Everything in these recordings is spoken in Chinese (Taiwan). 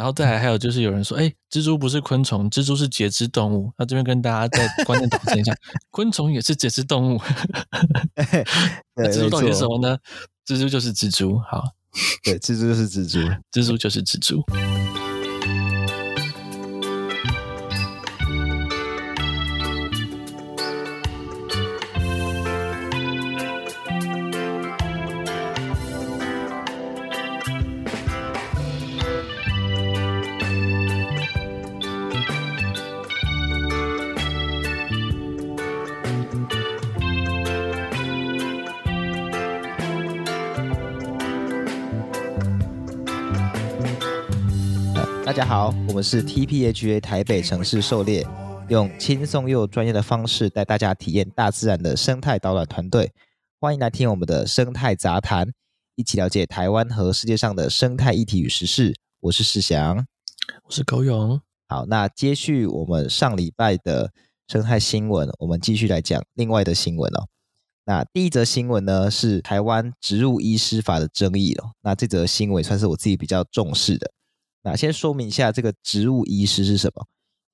然後再還有就是有人說，哎、欸，蜘蛛不是昆蟲，蜘蛛是節肢動物。那這邊跟大家在觀念打針一下， 昆蟲也是節肢動物。 欸欸、蜘蛛到底是什麼呢？錯蜘蛛就是蜘蛛。好，對，蜘蛛，蜘，蛛蜘蛛就是蜘蛛，蜘蛛就是蜘蛛。是 TPHA 台北城市狩獵，用輕鬆又專業的方式帶大家體驗大自然的生態導覽團隊。歡迎來聽我們的生態雜談，一起了解台灣和世界上的生態議題與時事。我是世祥，我是高勇。好，那接續我們上禮拜的生態新聞，我們繼續來講另外的新聞哦。那第一則新聞呢是台灣植物醫師法的爭議哦。那這則新聞算是我自己比較重視的。那先說明一下，這個植物醫師是什麼？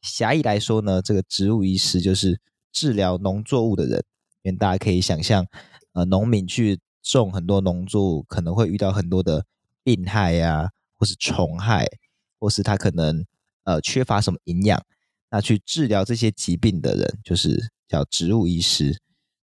狹義來說呢，這個植物醫師就是治療農作物的人。因為大家可以想象，呃，農民去種很多農作物，可能會遇到很多的病害呀、啊，或是蟲害，或是他可能呃缺乏什麼營養，那去治療這些疾病的人，就是叫植物醫師。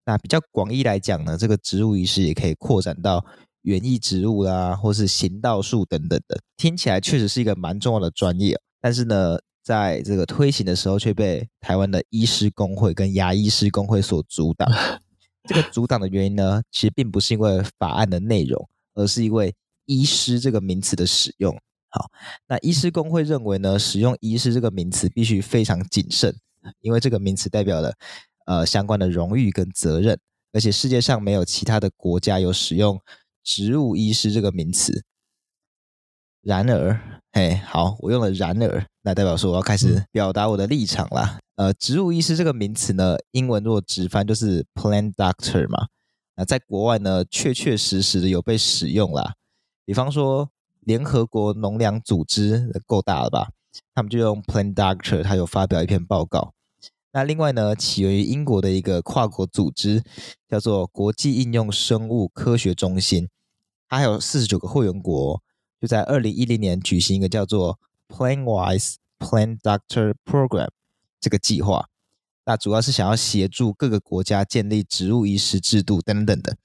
那比較廣義來講呢，這個植物醫師也可以擴展到園藝植物啦、啊，或是行道樹等等的，聽起來確實是一個蠻重要的專業。但是呢，在這個推行的時候，卻被台灣的醫師公會跟牙醫師公會所阻擋。這個阻擋的原因呢，其實並不是因為法案的內容，而是因為醫師這個名詞的使用。好，那醫師公會認為呢，使用醫師這個名詞必須非常謹慎，因為這個名詞代表了呃相關的榮譽跟責任，而且世界上沒有其他的國家有使用植物醫師這個名詞，然而，嘿，好，我用了然而，那代表說我要開始表達我的立場啦。呃，植物醫師這個名詞呢，英文若直翻就是 plant doctor 嘛，那在國外呢，確確實實的有被使用啦。比方說，聯合國農糧組織夠大了吧？他們就用 plant doctor，他有發表一篇報告。那另外呢，起源於英國的一個跨國組織叫做國際應用生物科學中心，它還有四十九個會員國，就在二零一零年舉行一個叫做 Plantwise Plant Doctor Program 這個計劃，那主要是想要協助各個國家建立植物醫師制度等等的，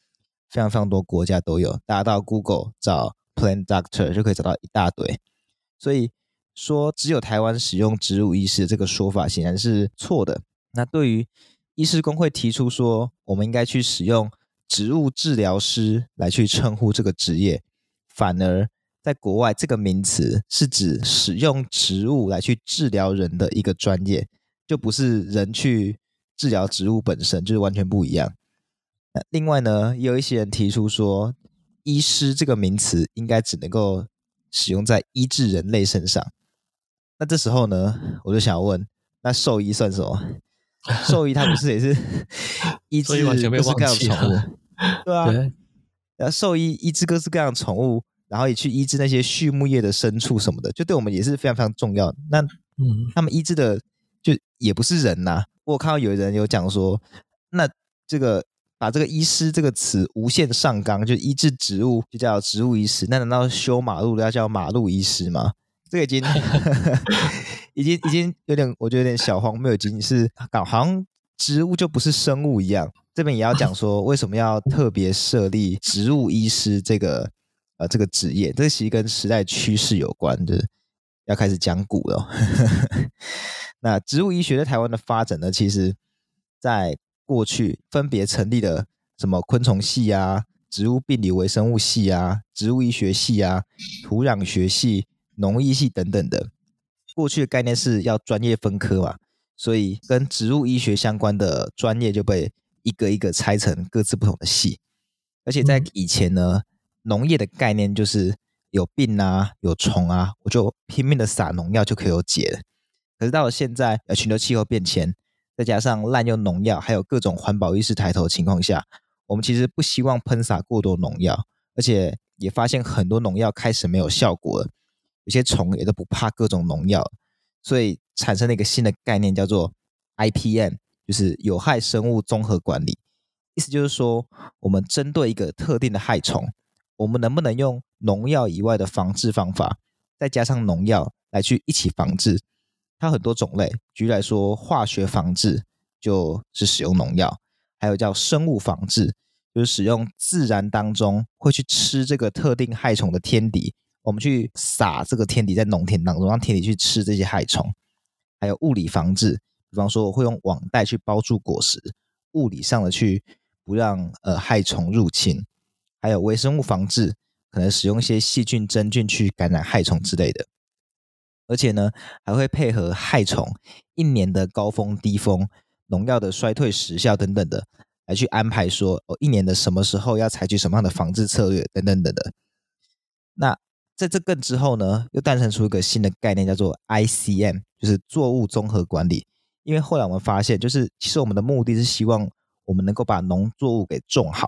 非常非常多國家都有，大家到 Google 找 Plant Doctor 就可以找到一大堆，所以。說只有台灣使用植物醫師這個說法顯然是錯的。那對於醫師工會提出說，我們應該去使用植物治療師來去稱呼這個職業，反而在國外這個名詞是指使用植物來去治療人的一個專業，就不是人去治療植物本身，就是完全不一樣。那另外呢，也有一些人提出說，醫師這個名詞應該只能夠使用在醫治人類身上。那這時候呢，我就想問，那獸醫算什麼？獸醫他不是也是 醫治各式各樣的寵物？對啊，然後獸對醫醫治各式各樣的寵物，然後也去醫治那些畜牧業的牲畜什麼的，就對我們也是非常非常重要。那他們醫治的就也不是人吶、啊。嗯、我看到有人有講說，那這個把這個“醫師”這個詞無限上綱，就醫治植物就叫植物醫師，那難道修馬路要叫馬路醫師嗎？這個已經呵呵已經已經有點，我覺得有點小荒有經歷，已經是搞好像植物就不是生物一樣。這邊也要講說，為什麼要特別設立植物醫師這個呃這個職業？這其實跟時代趨勢有關的。要開始講古了呵呵。那植物醫學在台灣的發展呢？其實在過去分別成立了什麼昆蟲系啊、植物病理微生物系啊、植物醫學系啊、土壤學系。農藝系等等的，過去的概念是要專業分科嘛，所以跟植物醫學相關的專業就被一個一個拆成各自不同的系。而且在以前呢，農業的概念就是有病啊、有蟲啊，我就拼命的撒農藥就可以有解了。可是到了現在，全球氣候變遷，再加上濫用農藥，還有各種環保意識抬頭的情況下，我們其實不希望噴灑過多農藥，而且也發現很多農藥開始沒有效果了。有些蟲也都不怕各種農藥，所以產生了一個新的概念，叫做 IPM，就是有害生物綜合管理。意思就是說，我們針對一個特定的害蟲，我們能不能用農藥以外的防治方法，再加上農藥來去一起防治？它很多種類，舉例來說，化學防治就是使用農藥，還有叫生物防治，就是使用自然當中會去吃這個特定害蟲的天敵。我們去撒這個天敵在農田當中，讓天敵去吃這些害蟲，還有物理防治，比方說我會用網袋去包住果實，物理上的去不讓呃害蟲入侵，還有微生物防治，可能使用一些細菌、真菌去感染害蟲之類的。而且呢，還會配合害蟲一年的高峰、低峰、農藥的衰退時效等等的，來去安排說哦，一年的什麼時候要採取什麼樣的防治策略等等等等。那。在這更之後呢，又誕生出一個新的概念，叫做 ICM，就是作物綜合管理。因為後來我們發現，就是其實我們的目的是希望我們能夠把農作物給種好。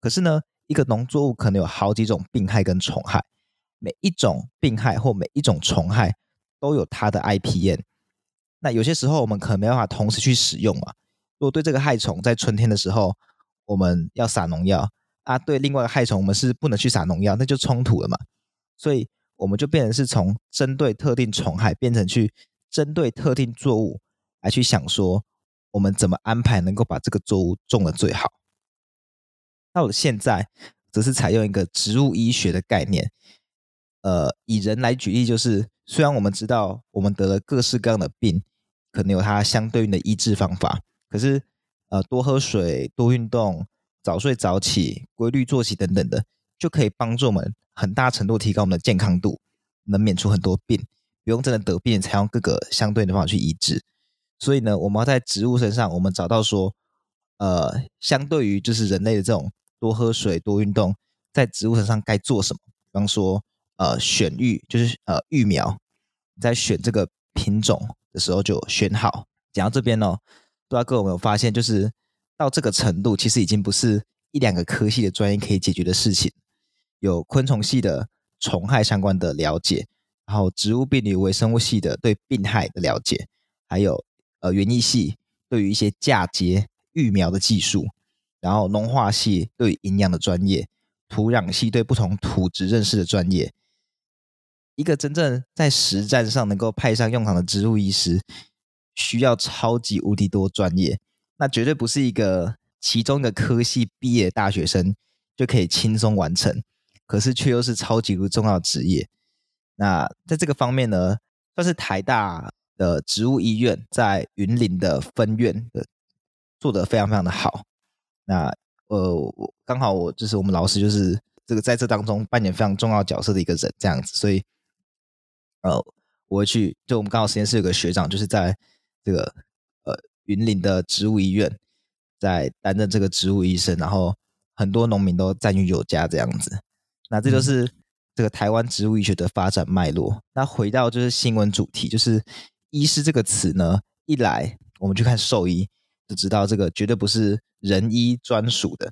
可是呢，一個農作物可能有好幾種病害跟蟲害，每一種病害或每一種蟲害都有它的 IPM。那有些時候我們可能沒辦法同時去使用嘛。如果對這個害蟲在春天的時候我們要撒農藥啊，對另外一個害蟲我們是不能去撒農藥，那就衝突了嘛。所以我們就變成是從針對特定蟲害，變成去針對特定作物來去想說，我們怎麼安排能夠把這個作物種得最好。到了現在則是採用一個植物醫學的概念，呃，以人來舉例，就是雖然我們知道我們得了各式各樣的病，可能有它相對應的醫治方法，可是呃，多喝水、多運動、早睡早起、規律作息等等的，就可以幫助我們。很大程度提高我們的健康度，能免除很多病，不用真的得病才用各個相對的方法去醫治。所以呢，我們要在植物身上，我們找到說，呃，相對於就是人類的這種多喝水、多運動，在植物身上該做什麼？比方說，呃，選育就是呃育苗，在選這個品種的時候就選好。講到這邊呢、哦，大家各位有沒有發現，就是到這個程度，其實已經不是一兩個科系的專業可以解決的事情。有昆蟲系的蟲害相關的了解，然後植物病理微生物系的對病害的了解，還有呃園藝系對於一些嫁接育苗的技術，然後農化系對營養的專業，土壤系對不同土質認識的專業，一個真正在實戰上能夠派上用場的植物醫師，需要超級無敵多專業，那絕對不是一個其中一個科系畢業的大學生就可以輕鬆完成。可是卻又是超級重要職業。那在這個方面呢，算是台大的植物醫院在雲林的分院做得非常非常的好。那呃，我剛好我就是我們老師，就是這個在這當中扮演非常重要角色的一個人這樣子。所以呃，我會去，就我們剛好實驗室有個學長，就是在這個呃雲林的植物醫院在擔任這個植物醫生，然後很多農民都讚譽有加這樣子。嗯、那這就是這個台灣植物醫學的發展脈絡。那回到就是新聞主題，就是「醫師」這個詞呢，一來我們去看獸醫就知道這個絕對不是人醫專屬的；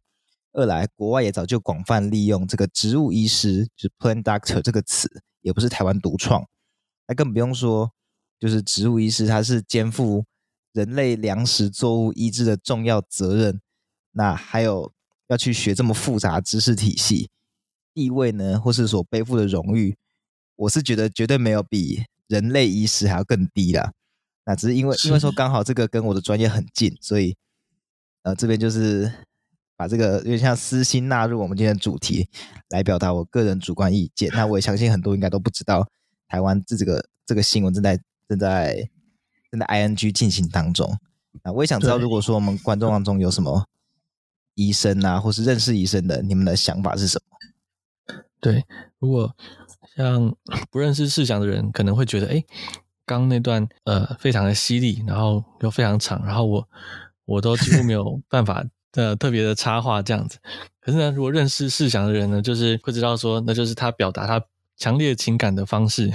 二來國外也早就廣泛利用這個「植物醫師」就是 plant doctor 這個詞，也不是台灣獨創。那更不用說，就是植物醫師他是肩負人類糧食作物醫治的重要責任。那還有要去學這麼複雜知識體系。地位呢，或是所背負的榮譽，我是覺得絕對沒有比人類醫師還要更低了。那只是因為，因為說剛好這個跟我的專業很近，所以，呃，這邊就是把這個，有點像私心納入我們今天的主題來表達我個人主觀意見。那我也相信很多應該都不知道，台灣這這個這個新聞正在正在正在 ing 進行當中。那我也想知道，如果說我們觀眾當中有什麼醫生啊，或是認識醫生的，你們的想法是什麼？對，如果像不認識世祥的人，可能會覺得，哎，剛那段呃非常的犀利，然後又非常長，然後我我都幾乎沒有辦法 呃特別的插話這樣子。可是呢，如果認識世祥的人呢，就是會知道說，那就是他表達他。強烈情感的方式，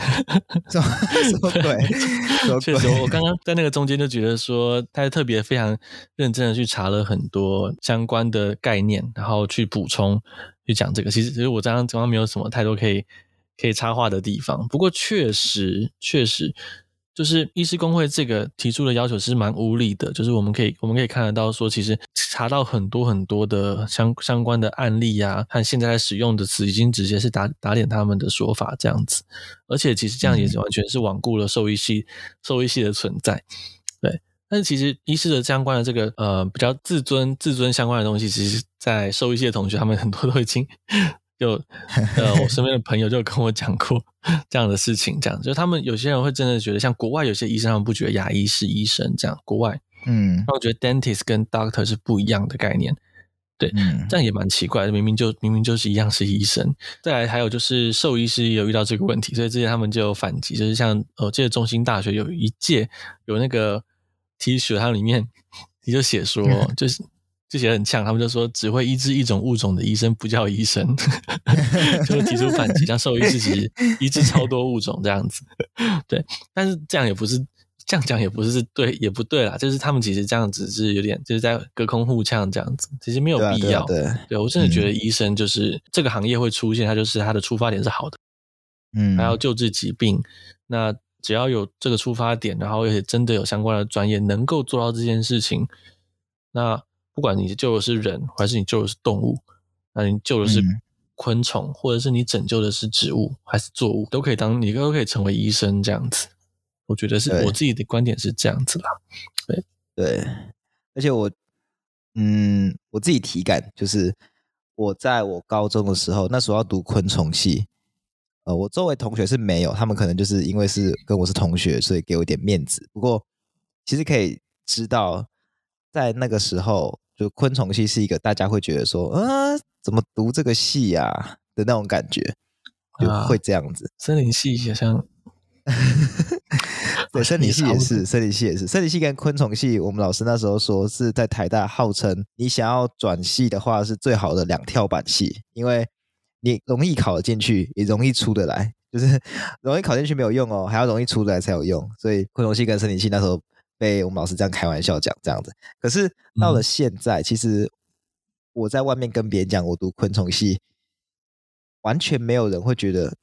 什麼鬼？確實，我剛剛在那個中間就覺得說，他特別非常認真的去查了很多相關的概念，然後去補充去講這個。其實，我剛剛剛剛沒有什麼太多可以可以插話的地方。不過，確實，確實。就是醫師公會這個提出的要求是蠻無理的，就是我們可以我們可以看得到說，其實查到很多很多的相相關的案例呀、啊，和現在，在使用的詞已經直接是打打臉他們的說法這樣子，而且其實這樣也是完全是罔顧了獸醫系獸醫、嗯、系的存在，對。但是其實醫師的相關的這個呃比較自尊自尊相關的東西，其實在獸醫系的同學他們很多都已經。 就呃，我身邊的朋友就跟我講過這樣的事情，這樣就他們有些人會真的覺得，像國外有些醫生他們不覺得牙醫是醫生，這樣國外，嗯，他們覺得 dentist 跟 doctor 是不一樣的概念，對，嗯、這樣也蠻奇怪的。明明就明明就是一樣是醫生。再來還有就是獸醫師也有遇到這個問題，所以之前他們就有反擊，就是像呃，這、哦、個中興大學有一屆有那個 T 恤，它裡面你就寫說、嗯、就是。就寫得很嗆，他們就說只會醫治一種物種的醫生不叫醫生， 就會提出反擊，像獸醫師其實醫治超多物種這樣子。對，但是這樣也不是，這樣講也不是對，也不對啦。就是他們其實這樣子是有點就是在隔空互嗆這樣子，其實沒有必要。對，對我真的覺得醫生就是、嗯、這個行業會出現，它就是它的出發點是好的，嗯，還要救治疾病。那只要有這個出發點，然後而且針對有相關的專業能夠做到這件事情，那。不管你救的是人，還是你救的是動物，那、啊、你救的是昆蟲，或者是你拯救的是植物還是作物，都可以當，你都可以成為醫生這樣子。我覺得是對我自己的觀點是這樣子啦。對對，而且我，嗯，我自己體感就是我在我高中的時候，那時候要讀昆蟲系，呃，我周圍同學是沒有，他們可能就是因為是跟我是同學，所以給我點面子。不過其實可以知道。在那個時候，就昆蟲系是一個大家會覺得說，啊，怎麼讀這個系呀、啊、的那種感覺，就會這樣子。啊、森林系好像， 對，森林 系也是，森林系也是，森林系跟昆蟲系，我們老師那時候說是在台大號稱，你想要轉系的話是最好的兩跳板系，因為你容易考進去，也容易出得來，就是容易考進去沒有用哦，還要容易出得來才有用，所以昆蟲系跟森林系那時候。被我們老師這樣開玩笑講這樣子，可是到了現在，其實我在外面跟別人講我讀昆蟲系，完全沒有人會覺得，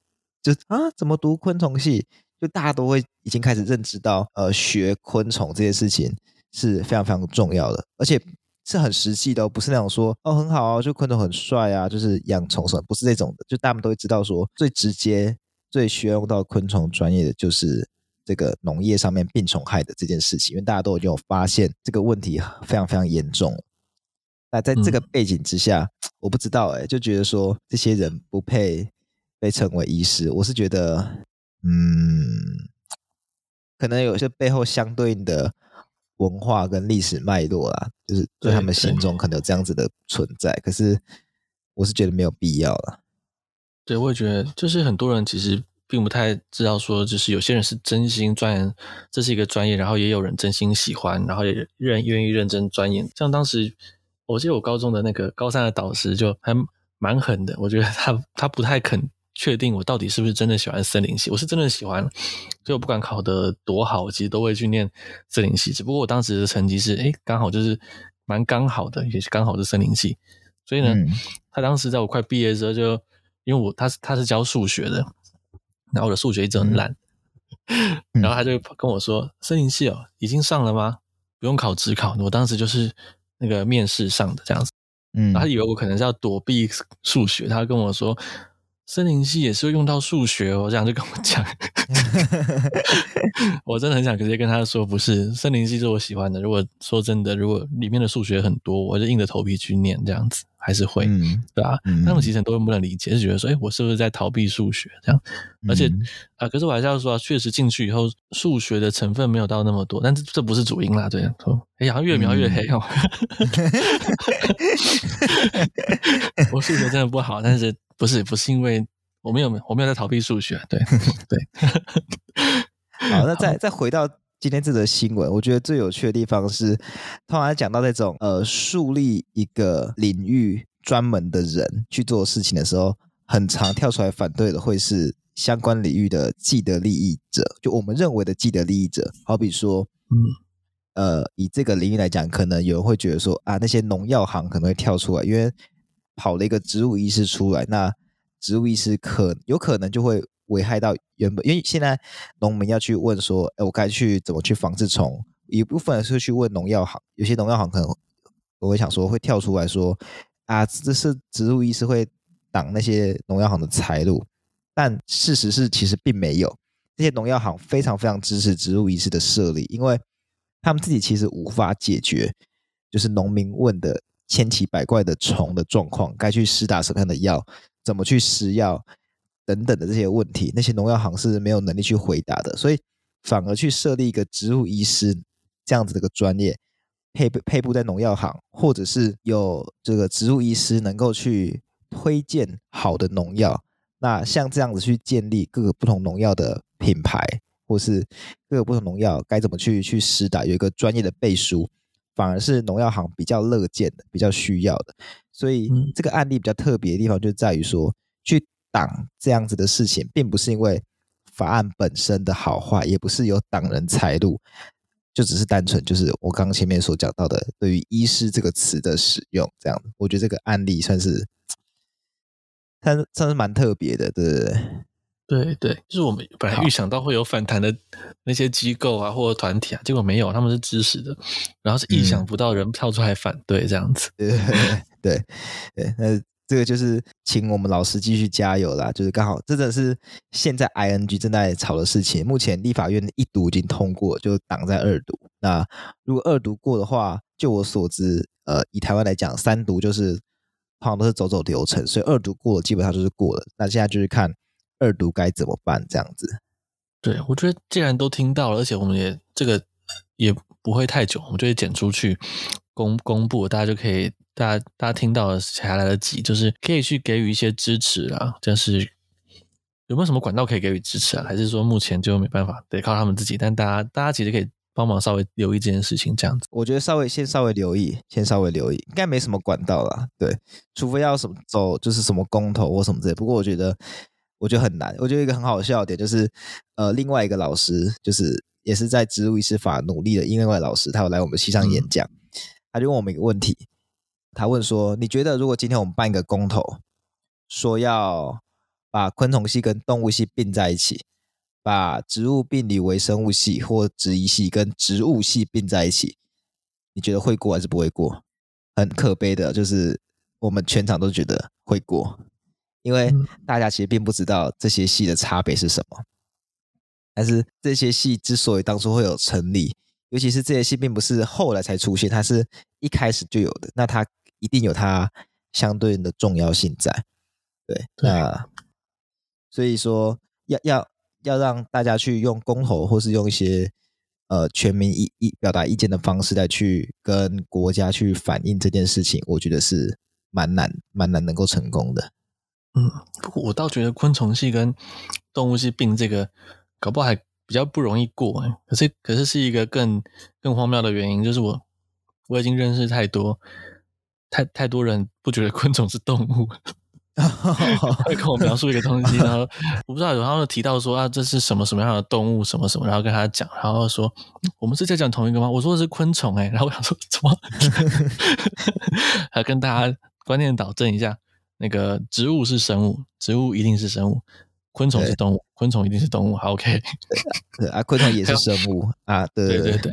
就是啊，怎麼讀昆蟲系？就大家都會已經開始認知到，呃，學昆蟲這件事情是非常非常重要的，而且是很實際的哦，不是那種說哦很好啊，就昆蟲很帥啊，就是養蟲什麼，不是那種的，就大家都會知道說，最直接最需要用到昆蟲專，專業的就是。這個農業上面病蟲害的這件事情，因為大家都已經有發現這個問題非常非常嚴重。那在這個背景之下，嗯、我不知道哎、欸，就覺得說這些人不配被稱為醫師。我是覺得，嗯，可能有些背後相對應的文化跟歷史脈絡啦，就是在他們心中可能有這樣子的存在。可是我是覺得沒有必要了。對，我也覺得，就是很多人其實。並不太知道說，就是有些人是真心鑽研，這是一個專業，然後也有人真心喜歡，然後也願願意認真鑽研。像當時，我記得我高中的那個高三的導師就還蠻狠的，我覺得他他不太肯確定我到底是不是真的喜歡森林系。我是真的喜歡，所以我不管考得多好，我其實都會去念森林系。只不過我當時的成績是，哎、欸，剛好就是蠻剛好的，也是剛好是森林系。所以呢，嗯、他當時在我快畢業的時候就，就因為我他是他是教數學的。然後我的數學一直很爛，嗯、然後他就跟我說，生營系哦，已經上了嗎？不用考指考，我當時就是那個面試上的這樣子，嗯，然後他以為我可能是要躲避數學，他跟我說。森林系也是會用到數學、哦，我這樣就跟我講， 我真的很想直接跟他說不是，森林系是我喜歡的。如果說真的，如果裡面的數學很多，我就硬着頭皮去念這樣子，還是會，對吧？那種其實都很不能理解，就覺得說，哎、欸，我是不是在逃避數學這樣？嗯、而且啊、呃，可是我還是要說啊，確實進去以後數學的成分沒有到那麼多，但是這，這不是主因啦。這樣說，哎、欸、呀，越描越黑。我數學真的不好，但是。不是，不是，因為我們有，我們有在逃避數學、啊，對 對。 好，那再再回到今天這則新聞，我覺得最有趣的地方是，通常講到這種呃，樹立一個領域專門的人去做事情的時候，很常跳出來反對的會是相關領域的既得利益者，就我們認為的既得利益者。好比說，嗯，呃，以這個領域來講，可能有人會覺得說，啊，那些農藥行可能會跳出來，因為。跑了一個植物醫師出來，那植物醫師可有可能就會危害到原本，因為現在農民要去問說，哎，我該去怎麼去防治蟲？一部分人是去問農藥行，有些農藥行可能我會想說會跳出來說，啊，這是植物醫師會擋那些農藥行的財路。但事實是，其實並沒有，這些農藥行非常非常支持植物醫師的設立，因為他們自己其實無法解決，就是農民問的。千奇百怪的蟲的狀況，該去施打什麼樣的藥，怎麼去施藥等等的這些問題，那些農藥行是沒有能力去回答的，所以反而去設立一個植物醫師這樣子的一個專業，配配布在農藥行，或者是有這個植物醫師能夠去推薦好的農藥，那像這樣子去建立各個不同農藥的品牌，或是各個不同農藥該怎麼去去施打，有一個專業的背書，反而是農藥行比較樂見的，比較需要的，所以這個案例比較特別的地方就在於說，去擋這樣子的事情，並不是因為法案本身的好壞，也不是有擋人財路，就只是單純就是我剛前面所講到的，對於醫師這個詞的使用這樣子，我覺得這個案例算是，算算是蠻特別的，對，對，對。對對，就是我們本來預想到會有反彈的那些機構啊，好或者團體啊，結果沒有，他們是支持的，然後是意想不到，人跳出來反對、嗯、這樣子。對對，對。那這個就是請我們老師繼續加油啦。就是剛好，這真的是現在 I N G 正在炒的事情，目前立法院一讀已經通過，就擋在二讀。那如果二讀過的話，就我所知，呃，以台灣來講，三讀就是好像都是走走流程，所以二讀過了基本上就是過了。那現在就是看。二讀該怎麼辦？這樣子，對我覺得既然都聽到了，而且我們也這個也不會太久，我們就會剪出去公公布，大家就可以，大家大家聽到的還來得及，就是可以去給予一些支持啦。就是有沒有什麼管道可以給予支持啊？還是說目前就沒辦法，得靠他們自己？但大家大家其實可以幫忙稍微留意這件事情，這樣子，我覺得稍微先稍微留意，先稍微留意，應該沒什麼管道啦。對，除非要什麼走，就是什麼公投或什麼之類。不過我覺得。我覺得很難。我覺得一個很好笑的點就是，呃，另外一個老師，就是也是在植物醫師法努力的另外老師，他有來我們系上演講，他就問我們一個問題。他問說：“你覺得如果今天我們辦一個公投，說要把昆蟲系跟動物系並在一起，把植物病理微生物系或植醫系跟植物系並在一起，你覺得會過還是不會過？”很可悲的就是，我們全場都覺得會過。因為大家其實並不知道這些戲的差別是什麼，但是這些戲之所以當初會有成立，尤其是這些戲並不是後來才出現，它是一開始就有的，那它一定有它相對應的重要性在。對，對，那所以說要要要讓大家去用公投或是用一些呃全民意意表達意見的方式來去跟國家去反映這件事情，我覺得是蠻難蠻難能夠成功的。嗯，不過我倒覺得昆蟲系跟動物系併這個，搞不好還比較不容易過、欸、可是，可是是一個更更荒謬的原因，就是我我已經認識太多太太多人，不覺得昆蟲是動物。哦、 他會跟我描述一個東西，哦、然後我不知道有，他們提到說啊，這是什麼什麼樣的動物，什麼什麼，然後跟他講，然後說我們是在講同一個嗎？我說的是昆蟲哎、欸，然後我想說什麼？還 跟大家觀念導正一下。那個植物是生物，植物一定是生物；昆蟲是動物，對昆蟲一定是動物。好，K，o、okay、啊，昆蟲也是生物有啊，對對對，對對對。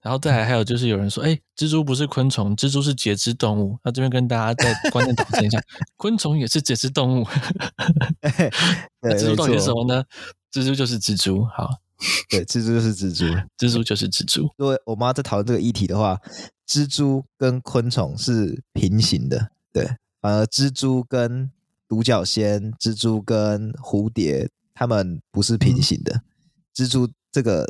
然後再還有就是有人說，哎、欸，蜘蛛不是昆蟲，蜘蛛是節肢動物。那這邊跟大家在觀念討論一下， 昆蟲也是節肢動物。 啊、蜘蛛到底是什麼呢？蜘蛛就是蜘蛛。好，對，蜘蛛，蜘，蛛蜘蛛就是蜘蛛，蜘蛛就是蜘蛛。因為我媽在討論這個議題的話，蜘蛛跟昆蟲是平行的。對。呃，蜘蛛跟獨角仙、蜘蛛跟蝴蝶，它們不是平行的。嗯、蜘蛛這個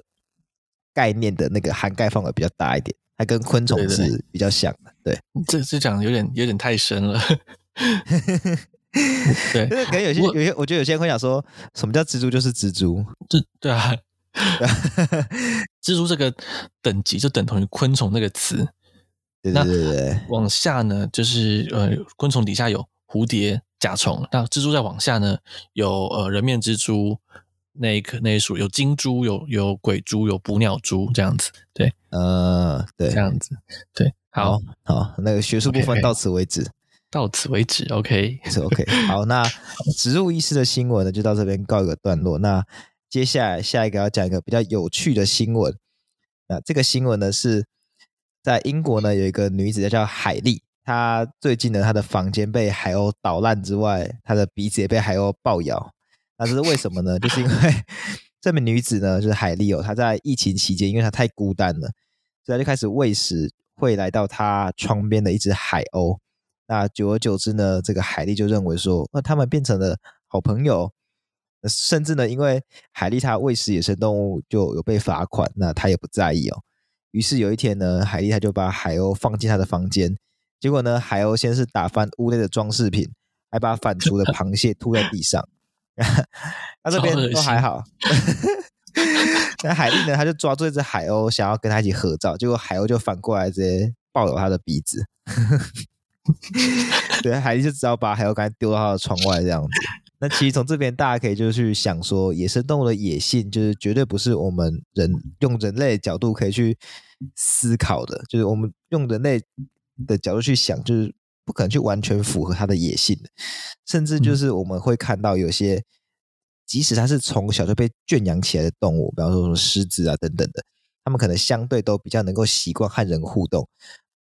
概念的那個涵蓋範圍比較大一點，它跟昆蟲是比較像的。對，對，對，對，這這講的有點有點太深了。 對，可能有些我有些，我覺得有些人會想說，什麼叫蜘蛛就是蜘蛛？這對啊， 蜘蛛這個等級就等同於昆蟲那個詞。那往下呢，就是呃，昆蟲底下有蝴蝶、甲蟲。那蜘蛛再往下呢，有呃人面蜘蛛，那個、那一、個、屬有金蛛，有有鬼蛛，有捕鳥蛛這樣子。對，呃，對，這樣子，對，呃、對對好好，好，那個學術部分到此為止，okay, okay, 到此為止，OK，是 OK。Okay 好，那植物醫師的新聞呢，就到這邊告一個段落。那接下來下一個要講一個比較有趣的新聞。那這個新聞呢是。在英國呢，有一個女子叫海莉，她最近呢，她的房間被海鷗搗爛之外，她的鼻子也被海鷗暴咬。那這是為什麼呢？就是因為 這名女子呢，就是海莉哦，她在疫情期間，因為她太孤單了，所以她就開始餵食會來到她窗邊的一隻海鷗。那久而久之呢，這個海莉就認為說，那他們變成了好朋友。甚至呢，因為海莉她餵食野生動物就有被罰款，那她也不在意哦。於是有一天呢，海莉他就把海鷗放進他的房間，結果呢，海鷗先是打翻屋內的裝飾品，還把反芻的螃蟹 吐在地上。那、 啊、這邊都還好。 那海莉呢，他就抓住一隻海鷗，想要跟他一起合照，結果海鷗就反過來直接抱著他的鼻子。 對，海莉就只好把海鷗趕緊丟到他的窗外這樣子。那其實從這邊大家可以就是去想說，野生動物的野性就是絕對不是我們人用人類的角度可以去思考的。就是我們用人類的角度去想，就是不可能去完全符合它的野性。甚至就是我們會看到有些，即使它是從小就被圈養起來的動物，比方說什麼獅子啊等等的，它們可能相對都比較能夠習慣和人互動，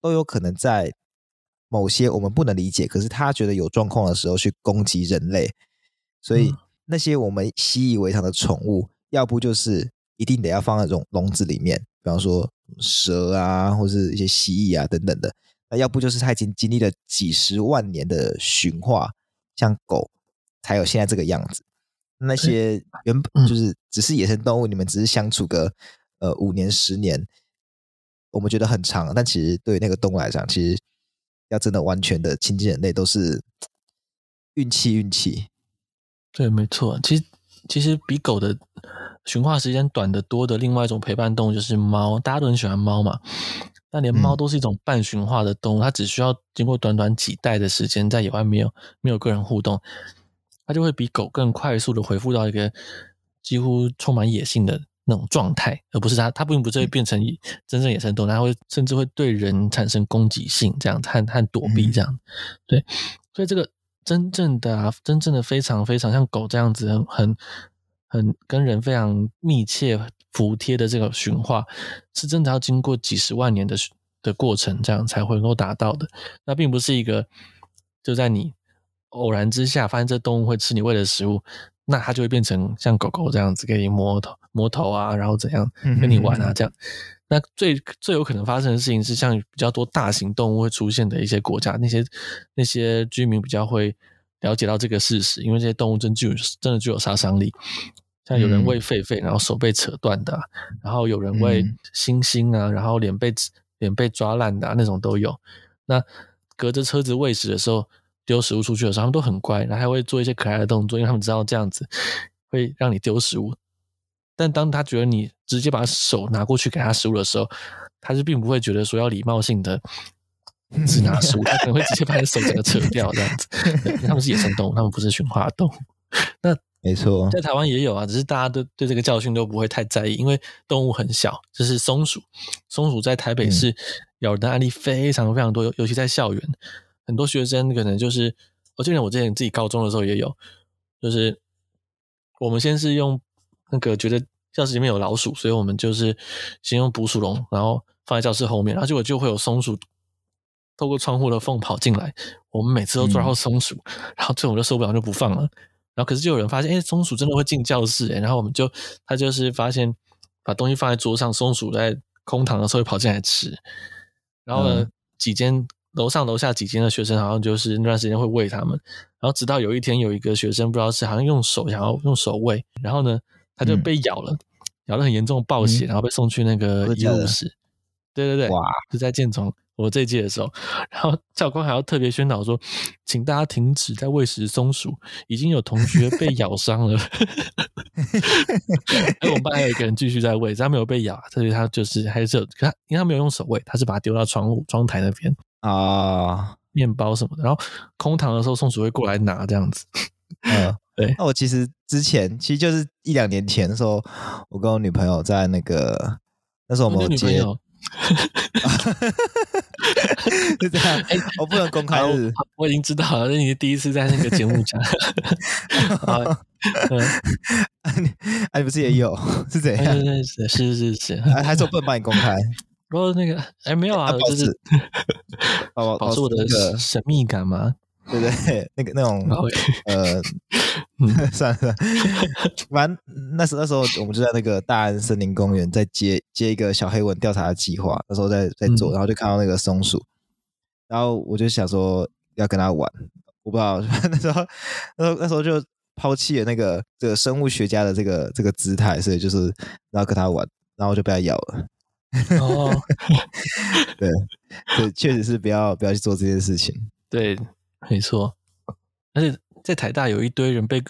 都有可能在某些我們不能理解，可是它覺得有狀況的時候去攻擊人類。所以那些我們習以為常的寵物，要不就是一定得要放在籠籠子裡面，比方說蛇啊，或是一些蜥蜴啊等等的；那要不就是它已經經歷了幾十萬年的馴化，像狗才有現在這個樣子。那些原本就是只是野生動物，你們只是相處個呃五年、十年，我們覺得很長，但其實對於那個動物來講，其實要真的完全的親近人類，都是運氣，運氣。對，沒錯，其實其實比狗的馴化時間短得多的另外一種陪伴動物就是貓，大家都很喜歡貓嘛。那連貓都是一種半馴化的動物，嗯、它只需要經過短短幾代的時間，在野外沒有沒有跟人互動，它就會比狗更快速的恢復到一個幾乎充滿野性的那種狀態，而不是它它並不，不是會變成真正野生動物，嗯、它會甚至會對人產生攻擊性，這樣和和躲避這樣。嗯、對，所以這個。真正的、啊，真正的非常非常像狗這樣子很，很很很跟人非常密切、服貼的這個馴化，是真的要經過幾十萬年的的過程，這樣才會能夠達到的。那並不是一個就在你偶然之下發現這動物會吃你餵的食物，那它就會變成像狗狗這樣子，給你摸頭、摸頭啊，然後怎樣跟你玩啊，這樣。 那最最有可能發生的事情是，像比較多大型動物會出現的一些國家，那些那些居民比較會了解到這個事實，因為這些動物真具有真的具有殺傷力，像有人餵狒狒，然後手被扯斷的、啊，然後有人餵猩猩啊，嗯、然後臉被臉被抓爛的、啊、那種都有。那隔着車子餵食的時候，丟食物出去的時候，他們都很乖，然後還會做一些可愛的動作，因為他們知道這樣子會讓你丟食物。但當他覺得你直接把手拿過去給他食物的時候，他是並不會覺得說要禮貌性的只拿食物，他可能會直接把你手整個扯掉這樣子。他們是野生動物，他們不是馴化動物。那沒錯錯，在台灣也有啊，只是大家都對這個教訓都不會太在意，因為動物很小。這、就是松鼠，松鼠在台北市、嗯、咬人的案例非常非常多，尤尤其在校園，很多學生可能就是，我就連我之前自己高中的時候也有，就是我們先是用那個覺得。教室裡面有老鼠，所以我們就是先用捕鼠籠，然後放在教室後面，然後結果就會有松鼠透過窗戶的縫跑進來。我們每次都抓到松鼠，嗯、然後最後就受不了就不放了。然後可是就有人發現，哎、欸，松鼠真的會進教室，欸，然後我們就他就是發現把東西放在桌上，松鼠在空堂的時候會跑進來吃。然後呢，嗯、幾間樓上樓下幾間的學生好像就是那段時間會餵他們。然後直到有一天，有一個學生不知道是好像用手然後用手餵，然後呢，他就被咬了，嗯、咬了很嚴重，爆血，嗯、然後被送去那個醫務室。對對對，哇就在建中我這一屆的時候，然後教官還要特別宣導說，請大家停止在餵食松鼠，已經有同學被咬傷了。哎，我們班還有一個人繼續在餵，他沒有被咬，所以他就是還是，是他因為他沒有用手餵，他是把它丟到窗戶窗台那邊啊，哦、麵包什麼的，然後空堂的時候，松鼠會過來拿這樣子。嗯。嗯對，那我其實之前，其實就是一兩年前的時候，我跟我女朋友在那個那時候我們有接，就這樣。哎，我不能公開，我我已經知道了，這是你第一次在那個節目講。啊，你，哎，不是也有是怎樣？是是是，還還說不能幫你公開？不過那個，哎，沒有啊，就是。保保持我的神秘感嘛。對不對？那個那種、oh, yeah. 呃 算，算了算了。反正那時候那時候我們就在那個大安森林公園在接接一個小黑蚊調查的計劃，那時候在在做，然後就看到那個松鼠，然後我就想說要跟他玩，我不知道那時候那時候那時候就拋棄了那個這個生物學家的這個這個姿態，所以就是然後跟他玩，然後我就被他咬了。哦，oh. 對，對，確實是不要不要去做這件事情。對。沒錯，而且在台大有一堆人被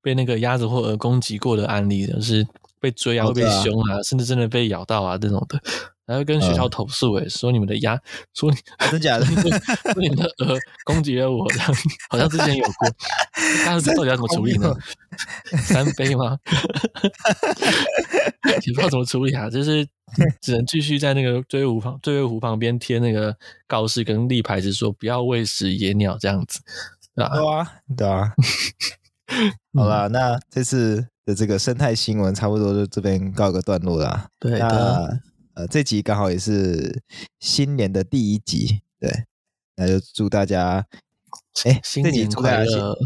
被那個鴨子或鵝攻擊過的案例，就是被追啊、會被兇啊，啊甚至真的被咬到啊這種的。還會跟學校投訴哎、欸，呃、說你們的鴨，說真的，說你真假的，說你們的鵝攻擊了我好，好像之前有過，但是到底要怎麼處理呢？三杯嗎？也 不知道怎麼處理啊，就是只能繼續在那個醉月湖旁、醉月湖旁邊貼那個告示跟立牌子，說不要餵食野鳥這樣子，對啊對啊，對啊 好啦，那這次的這個生態新聞差不多就這邊告一個段落啦，對的。這集剛好也是新年的第一集，對，那就祝大家，哎，新年快樂！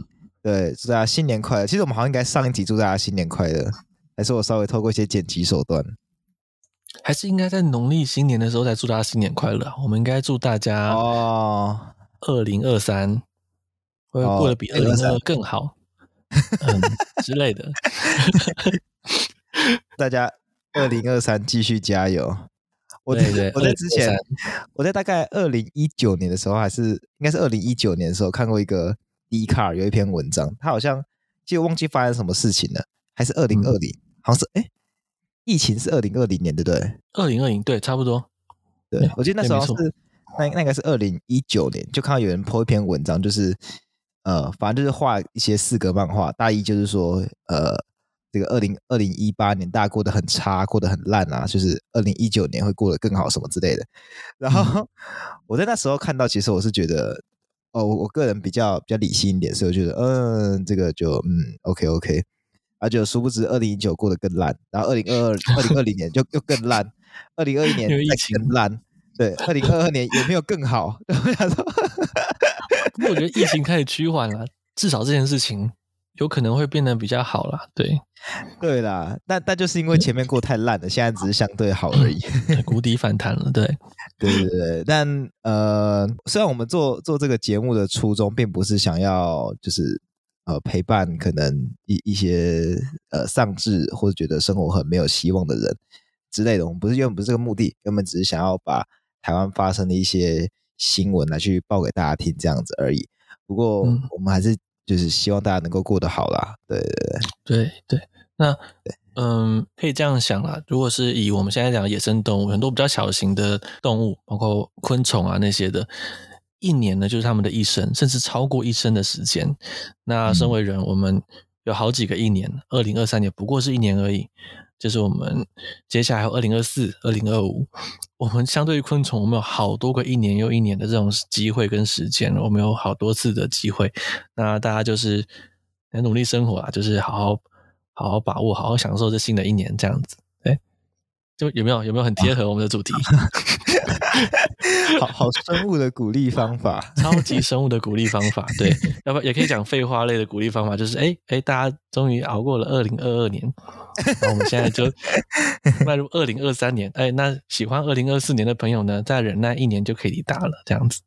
對，祝大家新年快樂。其實我們好像應該上一集祝大家新年快樂，還是我稍微透過一些剪輯手段，還是應該在農曆新年的時候再祝大家新年快樂。我們應該祝大家，哦，二零二三會過得比二零二二更好、 嗯，之類的， 大家。二零二三繼續加油！我在對，對，我在之前，我在大概二零一九年的時候，還是應該是二零一九年的時候，看過一個 Dcard 有一篇文章，他好像就忘記發生什麼事情了，還是二零二零？好像是哎，疫情是二零二零年對不對？二零二零對，差不多。對，我記得那時候是那那個是二零一九年，就看到有人 po 一篇文章，就是呃，反正就是畫一些四格漫畫，大意就是說呃。這個二零二零一八年大家過得很差，過得很爛啊！就是二零一九年會過得更好什麼之類的。然後我在那時候看到，其實我是覺得，哦，我個人比較比較理性一點，所以我覺得，嗯，這個就嗯，OK OK。而、啊、就殊不知，二零一九過得更爛，然後二零二二二零二零年就 又更爛，二零二一年疫情爛，對，二零二二年也沒有更好。我想說，因為我覺得疫情開始趨緩了，至少這件事情。有可能會變得比較好啦，對，對啦，但但就是因為前面過太爛了，現在只是相對好而已，谷底反彈了，對，對對對，但呃，雖然我們做做這個節目的初衷並不是想要就是呃陪伴，可能一一些呃喪志或者覺得生活很沒有希望的人之類的，我們不是原本不是這個目的，原本只是想要把台灣發生的一些新聞來去報給大家聽，這樣子而已。不過我們還是。嗯就是希望大家能夠過得好啦，對對對，對對。那嗯對、呃，可以這樣想啦。如果是以我們現在講的野生動物，很多比較小型的動物，包括昆蟲啊那些的，一年呢就是他們的一生，甚至超過一生的時間。那身為人，嗯、我們有好幾個一年，二零二三年不過是一年而已。就是我們接下來二零二四、二零二五，我們相對於昆蟲，我們有好多個一年又一年的這種機會跟時間，我們有好多次的機會。那大家就是很努力生活啊，就是好好好好把握，好好享受這新的一年這樣子。哎，就有沒有有沒有很貼合我們的主題？哇 好好生物的鼓勵方法，超級生物的鼓勵方法，對， 要不然也可以講廢話類的鼓勵方法，就是哎哎、欸欸，大家終於熬過了二零二二年，然後 我們現在就邁入二零二三年，哎、欸，那喜歡二零二四年的朋友呢，再忍耐一年就可以大了，這樣子。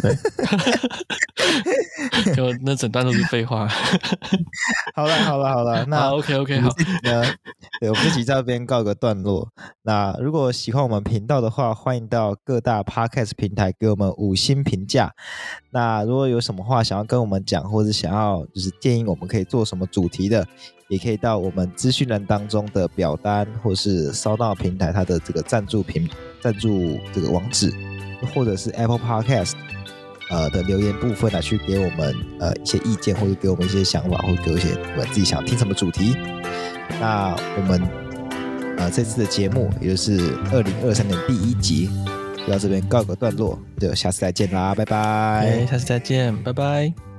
對。 就那整段都是廢話。 好了好了好了，那好 OK OK 好，那我們就在這邊告個段落。 那如果喜歡我們頻道的話，歡迎到各大趴。Podcast 平台給我們五星評價。那如果有什麼話想要跟我們講，或者是想要就是建議我們可以做什麼主題的，也可以到我們資訊欄當中的表單，或是 SoundOn 平台它的這個贊助平贊助這個網址，或者是 Apple Podcast 呃的留言部分來去給我們呃一些意見，或者給我們一些想法，或者給我一些我們自己想聽什麼主題。那我們呃這次的節目，也就是二零二三年第一集。就到這邊告個段落，就下次再見啦，拜拜。哎、欸，下次再見，拜拜。